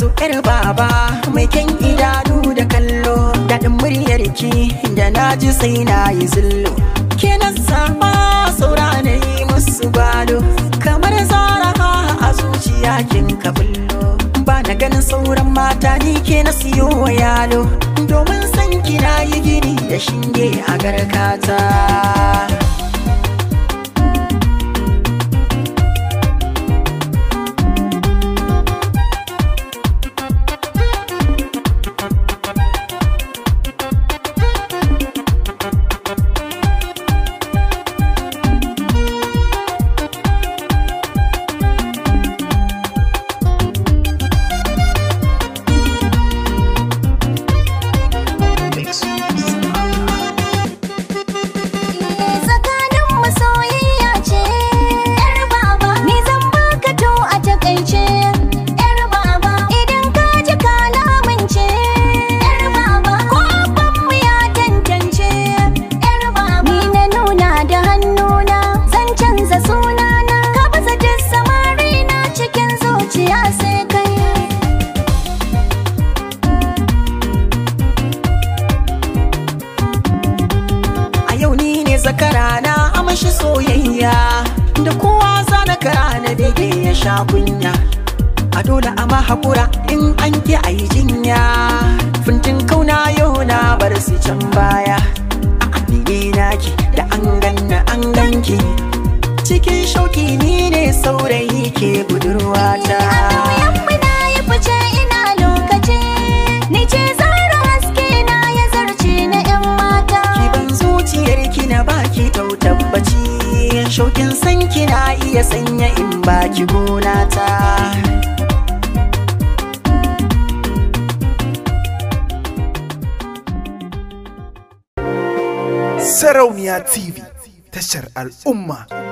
zo yar baba mai kyan idanu da kallo daɗin muryar ki da na ji sai na yi zillo. kenan sama zama saura na yi musu balo kamar zara a zuciya kin kabullo ba na ganin sauran mata ni ke na siyo wa yalo domin san kina yi gini da shinge a garkata sakarana a amashi soyayya da kowa zana kara na bege ya sha kunya a dole a mahakura in an ki a yi jinya fintin kauna yau na bar su can baya a ni naki da an ganna an ganki cikin shauki ni ne saurayi san kina iya sanya in baki gona ta Sarauniya TV, tashar al'umma.